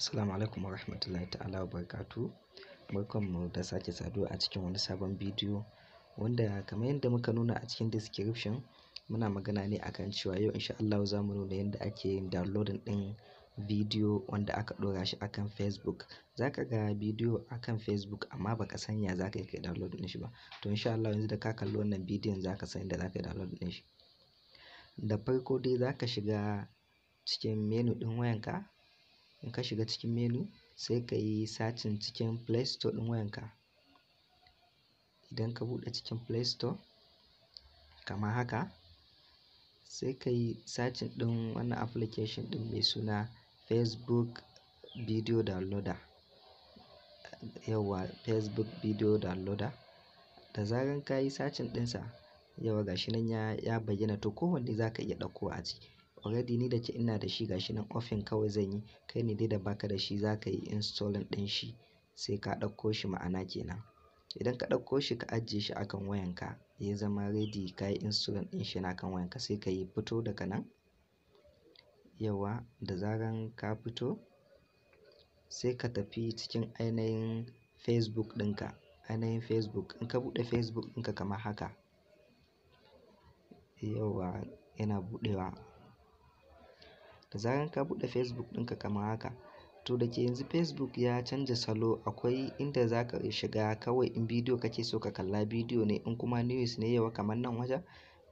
Assalamu alaikum wa rahmatullahi ta'ala wa barakatu. Barkanmu da sake saduwa a cikin wani sabon bidiyo wanda kamar yadda muka nuna a cikin description muna magana ne akan cewa yau insha Allah za mu nuna yadda ake yin downloading ɗin bidiyo wanda aka ɗora shi akan Facebook. Za ka ga bidiyo akan Facebook amma baka san ya za ka yi download ɗin shi ba. To insha Allah yanzu da ka kalli wannan bidiyon za ka san yadda za ka yi download ɗin shi. Da farko dai za ka shiga cikin menu ɗin wayanka in ka shiga cikin menu sai ka yi sacin cikin play store ɗin wayanka idan ka buɗe cikin play store kamar haka sai ka yi sacin ɗin wannan application ɗin mai suna facebook video downloader yawa facebook video downloader da zaran ka yi sacin ɗinsa yawa gashi nan ya, ya bayyana to kowanne za ka iya ɗauko a ciki already ni da ke ina da shi gashi nan offin kawai zan yi. Kai ne dai da baka da shi zaka yi installing din shi sai ka ɗauko shi ma'ana kenan. Idan ka ɗauko shi ka ajiye shi akan kan wayanka ya zama ready ka yi installing din shi na kan wayanka sai ka yi fito daga nan. Yauwa da zaran ka fito sai ka tafi cikin ainihin Facebook ɗinka. Ainihin Facebook in ka buɗe Facebook ɗinka kamar haka. Yauwa yana buɗewa. da zaran ka buɗe Facebook ɗinka kamar haka. To da ke yanzu Facebook ya canja salo akwai inda za ka shiga kawai in bidiyo kake so ka kalla bidiyo ne in kuma news ne yau kamar nan wajen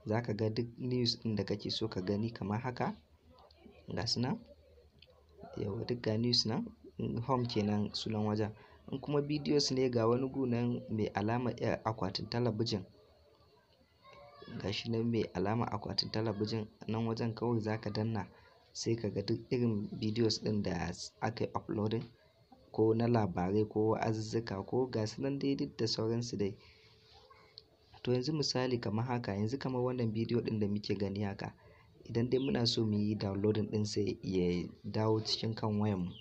za ka ga duk news ɗin da kake so ka gani kamar haka. Ga su nan yauwa duk ga news nan home kenan sunan wajen. In kuma bidiyos ne ga wani gu nan mai alama eh, akwatin talabijin. Ga shi nan mai alama akwatin talabijin nan wajen kawai za ka danna sai ka ga duk irin videos ɗin da aka yi uploading ko na labarai ko wa'azuzzuka ko su nan dai da sauransu dai. To yanzu misali kamar haka yanzu kamar wannan bidiyo ɗin da muke gani haka idan dai muna so mu muyi downloading sai ya dawo cikin kan wayanmu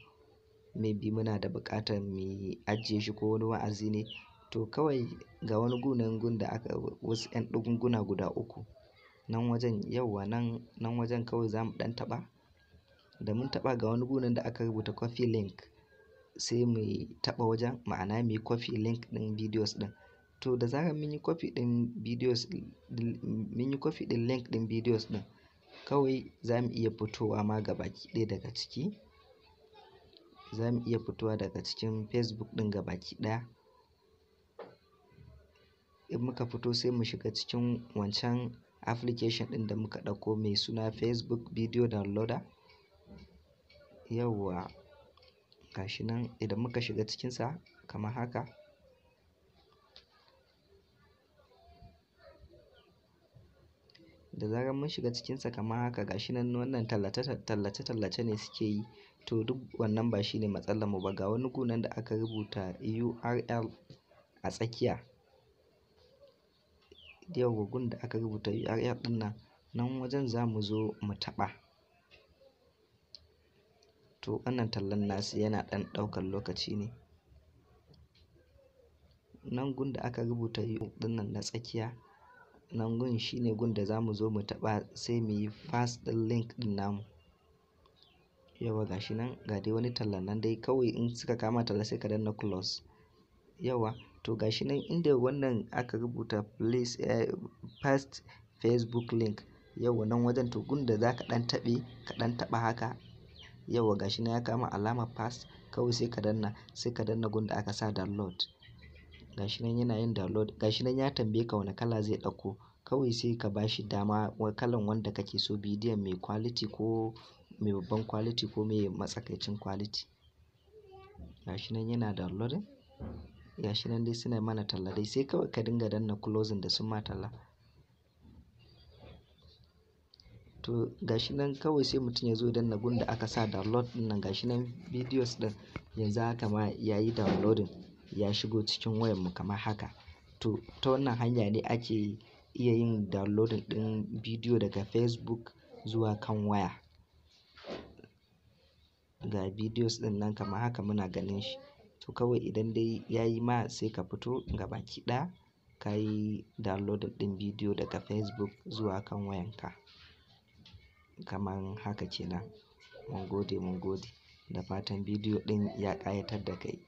maybe muna da buƙatar mu ajiye shi ko wani wa'azi ne to kawai ga wani gu gun da aka wasu 'yan guna guda uku nan wajen yauwa nan nan wajen kawai za mu ɗan taɓa da mun taɓa ga wani gunan da aka rubuta coffee link sai mu taɓa wajen ma'ana muyi coffee link din videos din to da zarar mun yi coffee din videos mun yi coffee din link din videos din kawai za mu iya fitowa ma gabaki ɗaya daga ciki za mu iya fitowa daga cikin facebook ɗin gabaki ɗaya in muka fito sai mu shiga cikin wancan application ɗin da muka ɗauko mai suna facebook video downloader yauwa gashi nan idan muka shiga cikinsa kamar haka. Da zarar mun shiga cikinsa kamar haka gashi nan wannan tallace-tallace ne suke yi. To duk wannan ba shi ne matsalar mu ba. Ga wani gu nan da aka rubuta URL a tsakiya. Yauwa gun da aka rubuta URL ɗin nan, nan wajen za mu zo mu taɓa. to wannan tallan nasu yana ɗan ɗaukan lokaci ne nan gun da aka rubuta yu ɗinnan na tsakiya nan gun shine gun da za mu zo mu taɓa sai mu yi fast ɗin link ɗin namu yawa shi nan ga dai wani tallan nan dai kawai in suka kama talla sai ka danna close yawa to ga shi nan inda wannan aka rubuta please eh, past facebook link yawa nan wajen to gun da za ka ɗan taɓe ka ɗan taɓa haka yawa gashi na ya kama alama pass kawai sai ka danna, sai ka danna gun da aka sa download. Gashi nan yana yin download. Gashi nan ya tambaye ka wani kala zai ɗauko. Kawai sai ka bashi dama kalan wanda kake so bidiyon mai quality ko mai babban quality ko mai matsakaicin quality. Gashi nan yana downloading. Gashi nan dai suna mana talla dai sai kawai ka dinga danna closing da sun ma talla. to gashi nan kawai sai mutum ya zo danna gun da aka sa download ɗin nan gashi nan videos ɗin yanzu haka ma ya yi downloading ya shigo cikin wayar mu kamar haka to ta wannan hanya ne ake iya yin downloading ɗin bidiyo daga facebook zuwa kan waya ga videos ɗin nan kamar haka muna ganin shi to kawai idan dai ya yi ma sai ka fito baki ɗaya ka yi downloading ɗin bidiyo daga facebook zuwa kan wayanka kaman haka kenan. Mun gode, mun gode. Da fatan bidiyo ɗin ya ƙayatar da kai.